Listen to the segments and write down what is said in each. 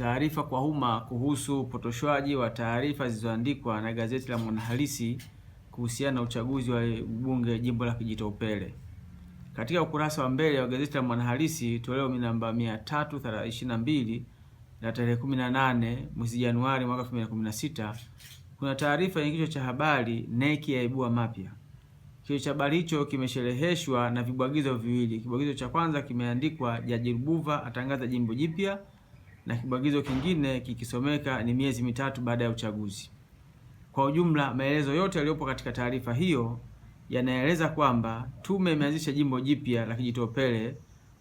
taarifa kwa umma kuhusu upotoshwaji wa taarifa zilizoandikwa na gazeti la Mwanahalisi kuhusiana na uchaguzi wa ubunge jimbo la Kijitopele. Katika ukurasa wa mbele wa gazeti la Mwanahalisi toleo namba 322 la tarehe 18 mwezi Januari mwaka 2016 kuna taarifa yenye kichwa cha habari neki yaibua mapya. Kichwa cha habari hicho kimesheleheshwa na vibwagizo viwili. Kibwagizo cha kwanza kimeandikwa Jaji Rubuva atangaza jimbo jipya na kibwagizo kingine kikisomeka ni miezi mitatu baada ya uchaguzi. Kwa ujumla, maelezo yote yaliyopo katika taarifa hiyo yanaeleza kwamba tume imeanzisha jimbo jipya la Kijitopele.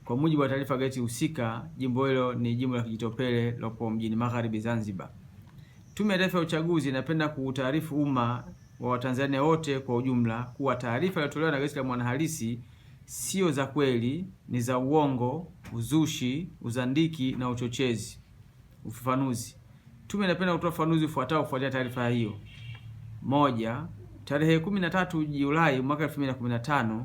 Kwa mujibu wa taarifa gazeti husika, jimbo hilo ni jimbo la Kijitopele lopo mjini Magharibi, Zanzibar. Tume ya Taifa ya Uchaguzi inapenda kuutaarifu umma wa Watanzania wote kwa ujumla kuwa taarifa iliyotolewa na gazeti la Mwanahalisi sio za kweli, ni za uongo, uzushi, uzandiki na uchochezi. Ufafanuzi. Tume inapenda kutoa ufafanuzi ufuatao kufuatia taarifa hiyo. Moja, tarehe 13 Julai mwaka 2015,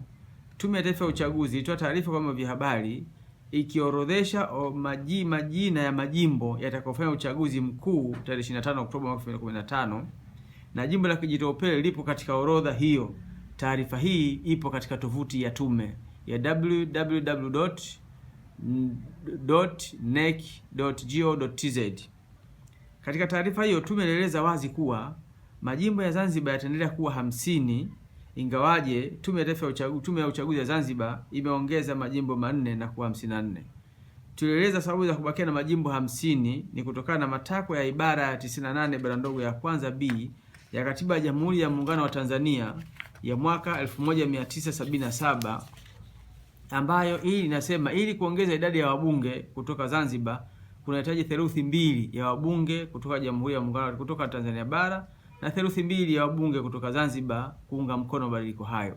Tume ya Taifa ya Uchaguzi ilitoa taarifa kwa vyombo vya habari ikiorodhesha maji majina ya majimbo yatakayofanya uchaguzi mkuu tarehe 25 Oktoba mwaka 2015 na jimbo la Kijitopele lipo katika orodha hiyo. Taarifa hii ipo katika tovuti ya tume ya www.nec.go.tz. Katika taarifa hiyo, tume inaeleza wazi kuwa majimbo ya Zanzibar yataendelea kuwa hamsini ingawaje tume ya taifa tume ya uchaguzi ya Zanzibar imeongeza majimbo manne na kuwa 54. Tulieleza sababu za kubakia na majimbo hamsini ni kutokana na matakwa ya ibara ya 98 bara ndogo ya kwanza b ya Katiba ya Jamhuri ya Muungano wa Tanzania ya mwaka 1977 ambayo hii inasema ili kuongeza idadi ya wabunge kutoka Zanzibar kunahitaji theluthi mbili ya wabunge kutoka Jamhuri ya Muungano kutoka Tanzania bara na theluthi mbili ya wabunge kutoka Zanzibar kuunga mkono mabadiliko hayo.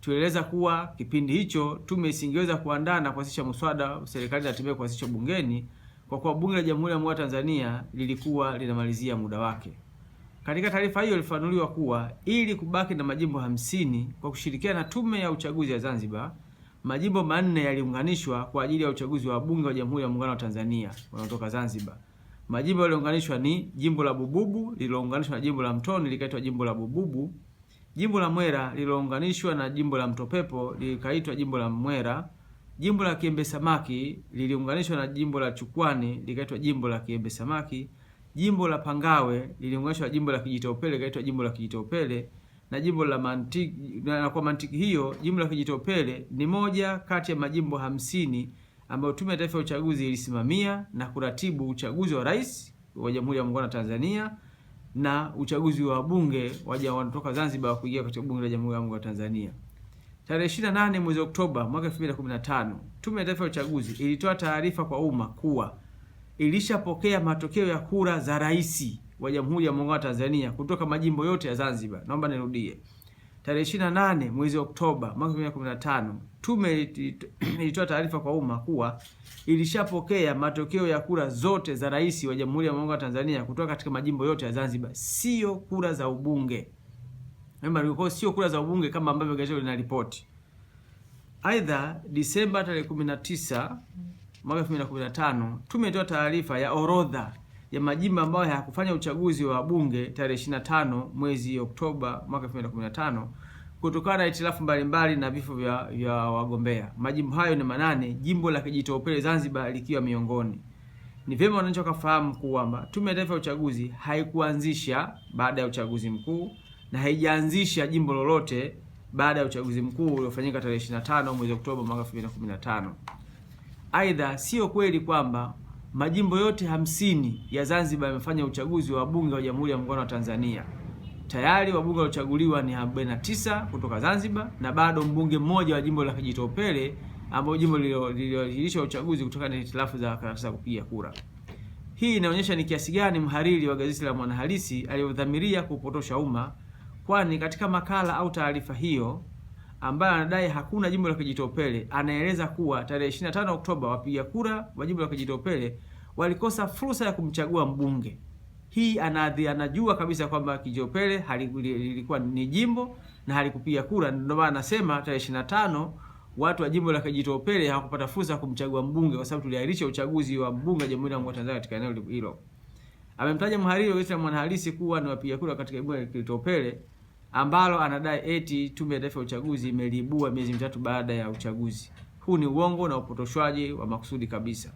Tueleza kuwa kipindi hicho tume isingeweza kuandaa na kuwasilisha mswada serikali inatembea kuwasilisha bungeni kwa kuwa bunge la Jamhuri ya Muungano wa Tanzania lilikuwa linamalizia muda wake. Katika taarifa hiyo ilifanuliwa kuwa ili kubaki na majimbo hamsini kwa kushirikiana na Tume ya Uchaguzi ya Zanzibar, majimbo manne yaliunganishwa kwa ajili ya uchaguzi wa wabunge wa Jamhuri ya Muungano wa Tanzania wanaotoka Zanzibar. Majimbo yaliyounganishwa ni jimbo la Bububu lililounganishwa na jimbo la Mtoni likaitwa jimbo la Bububu, jimbo la Mwera lililounganishwa na jimbo la Mtopepo likaitwa jimbo la Mwera, jimbo la Kiembe Samaki liliunganishwa na jimbo la Chukwani likaitwa jimbo la Kiembe Samaki. Jimbo la Pangawe liliunganishwa jimbo la Kijitopele likaitwa jimbo la Kijitopele na jimbo la mantiki, na kwa mantiki hiyo jimbo la Kijitopele ni moja kati ya majimbo hamsini ambayo Tume ya Taifa ya Uchaguzi ilisimamia na kuratibu uchaguzi wa rais wa Jamhuri ya Muungano wa Tanzania na uchaguzi wa bunge waja wanatoka Zanzibar wa kuingia katika bunge la Jamhuri ya Muungano wa Tanzania. Tarehe 28 mwezi Oktoba mwaka 2015, Tume ya Taifa ya Uchaguzi ilitoa taarifa kwa umma kuwa ilishapokea matokeo ya kura za rais wa Jamhuri ya Muungano wa Tanzania kutoka majimbo yote ya Zanzibar. Naomba nirudie, tarehe 28 mwezi Oktoba mwaka 2015 tume ilitoa taarifa kwa umma kuwa ilishapokea matokeo ya kura zote za rais wa Jamhuri ya Muungano wa Tanzania kutoka katika majimbo yote ya Zanzibar, sio kura za ubunge. Sio kura za ubunge kama ambavyo gazeti linaripoti. Aidha, Disemba tarehe 19 mwaka 2015 tume ilitoa taarifa ya orodha ya majimbo ambayo hayakufanya uchaguzi wa bunge tarehe 25 mwezi Oktoba mwaka 2015 kutokana na itilafu mbalimbali na vifo vya, vya wagombea. Majimbo hayo ni manane, jimbo la Kijitopele Zanzibar likiwa miongoni. Ni vyema wananchi wakafahamu kwamba Tume ya Taifa ya Uchaguzi haikuanzisha baada ya uchaguzi mkuu na haijaanzisha jimbo lolote baada ya uchaguzi mkuu uliofanyika tarehe 25 mwezi Oktoba mwaka 2015. Aidha, sio kweli kwamba majimbo yote hamsini ya Zanzibar yamefanya uchaguzi wa wabunge wa Jamhuri ya Muungano wa Tanzania. Tayari wabunge waliochaguliwa ni 49 kutoka Zanzibar na bado mbunge mmoja wa jimbo la Kijitopele ambayo jimbo lililoahirisha uchaguzi kutokana na hitilafu za karatasi za kura. Hii inaonyesha ni kiasi gani mhariri wa gazeti la Mwanahalisi aliyodhamiria kupotosha umma, kwani katika makala au taarifa hiyo ambaye anadai hakuna jimbo la Kijitopele anaeleza kuwa tarehe 25 Oktoba wapiga kura wa jimbo la Kijitopele walikosa fursa ya kumchagua mbunge. Hii anadhi, anajua kabisa kwamba Kijitopele halilikuwa ni jimbo na halikupiga kura, ndio maana anasema tarehe 25 watu wa jimbo la Kijitopele hawakupata fursa ya kumchagua mbunge kwa sababu tuliahirisha uchaguzi wa mbunge wa Jamhuri ya Muungano wa Tanzania katika eneo hilo. Amemtaja mhariri wa Mwana Mwanahalisi kuwa ni wapiga kura katika jimbo la Kijitopele ambalo anadai eti Tume ya Taifa ya Uchaguzi imeliibua miezi mitatu baada ya uchaguzi. Huu ni uongo na upotoshwaji wa makusudi kabisa.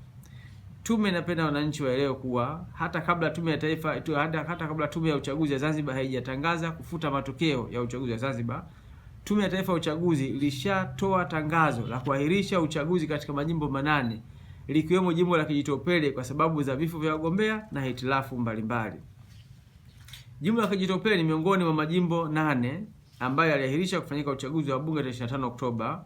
Tume inapenda wananchi waelewe kuwa hata kabla Tume ya Taifa hata, hata kabla Tume ya Uchaguzi ya Zanzibar haijatangaza kufuta matokeo ya uchaguzi wa Zanzibar, Tume ya Taifa ya Uchaguzi ilishatoa tangazo la kuahirisha uchaguzi katika majimbo manane likiwemo jimbo la Kijitopele kwa sababu za vifo vya wagombea na hitilafu mbalimbali. Jimbo la Kijitopere ni miongoni mwa majimbo nane ambayo yaliahirisha kufanyika uchaguzi wa bunge tarehe 25 Oktoba,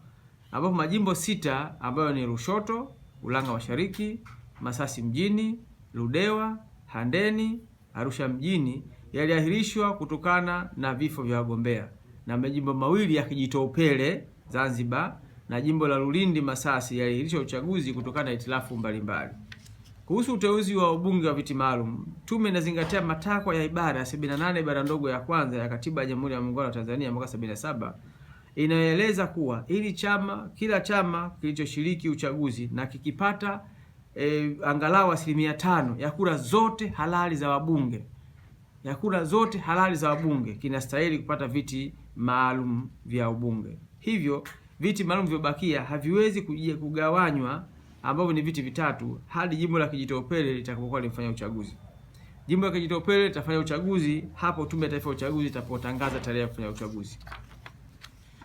ambapo majimbo sita ambayo ni Lushoto, Ulanga Mashariki, Masasi mjini, Ludewa, Handeni, Arusha mjini yaliahirishwa kutokana na vifo vya wagombea na majimbo mawili ya Kijitopere Zanzibar na jimbo la Lulindi Masasi yaliahirisha uchaguzi kutokana na itilafu mbalimbali. Kuhusu uteuzi wa wabunge wa viti maalum, tume inazingatia matakwa ya ibara ya 78 ibara ndogo ya kwanza ya katiba ya Jamhuri ya Muungano wa Tanzania mwaka 77 inayoeleza kuwa ili chama kila chama kilichoshiriki uchaguzi na kikipata e, angalau asilimia tano ya kura zote halali za wabunge ya kura zote halali za wabunge kinastahili kupata viti maalum vya ubunge. Hivyo viti maalum vyobakia haviwezi kugawanywa ambavyo ni viti vitatu hadi jimbo la Kijitopele litakapokuwa limefanya uchaguzi. Jimbo la Kijitopele litafanya uchaguzi hapo Tume ya Taifa ya Uchaguzi itapotangaza tarehe ya kufanya uchaguzi.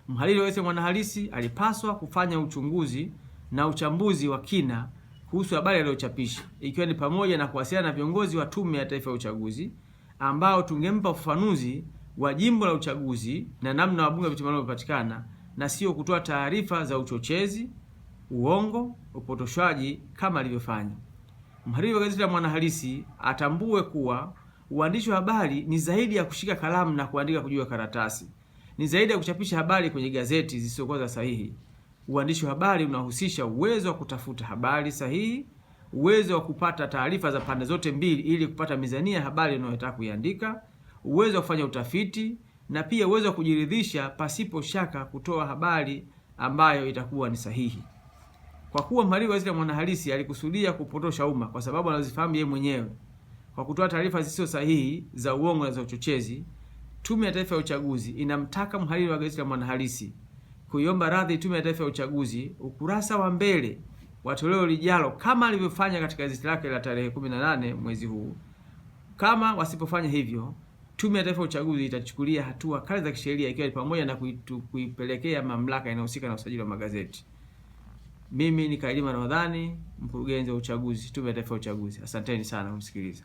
Mhariri wa mwanahalisi alipaswa kufanya uchunguzi na uchambuzi wa kina kuhusu habari aliyochapisha, ikiwa ni pamoja na kuwasiliana na viongozi wa Tume ya Taifa ya Uchaguzi ambao tungempa ufafanuzi wa jimbo la uchaguzi na namna wabunge viti maalum wamepatikana na sio kutoa taarifa za uchochezi uongo, upotoshaji kama alivyofanya. Mhariri wa gazeti la Mwanahalisi atambue kuwa uandishi wa habari ni zaidi ya kushika kalamu na kuandika kujua karatasi, ni zaidi ya kuchapisha habari kwenye gazeti zisizokuwa za sahihi. Uandishi wa habari unahusisha uwezo wa kutafuta habari sahihi, uwezo wa kupata taarifa za pande zote mbili ili kupata mizania ya habari unayotaka kuiandika, uwezo wa kufanya utafiti na pia uwezo wa kujiridhisha pasipo shaka kutoa habari ambayo itakuwa ni sahihi. Kwa kuwa mhariri wa Israel Mwanahalisi alikusudia kupotosha umma kwa sababu anazifahamu yeye mwenyewe kwa kutoa taarifa zisizo sahihi za uongo na za uchochezi, Tume ya Taifa ya Uchaguzi inamtaka mhariri wa gazeti la Mwanahalisi kuiomba radhi Tume ya Taifa ya Uchaguzi ukurasa wa mbele wa toleo lijalo, kama alivyofanya katika gazeti lake la tarehe 18 mwezi huu. Kama wasipofanya hivyo, Tume ya Taifa ya Uchaguzi itachukulia hatua kali za kisheria, ikiwa ni pamoja na kuipelekea mamlaka inayohusika na usajili wa magazeti mimi ni Kailima Ramadhani, mkurugenzi wa uchaguzi, Tume ya Taifa ya Uchaguzi. Asanteni sana kumsikiliza.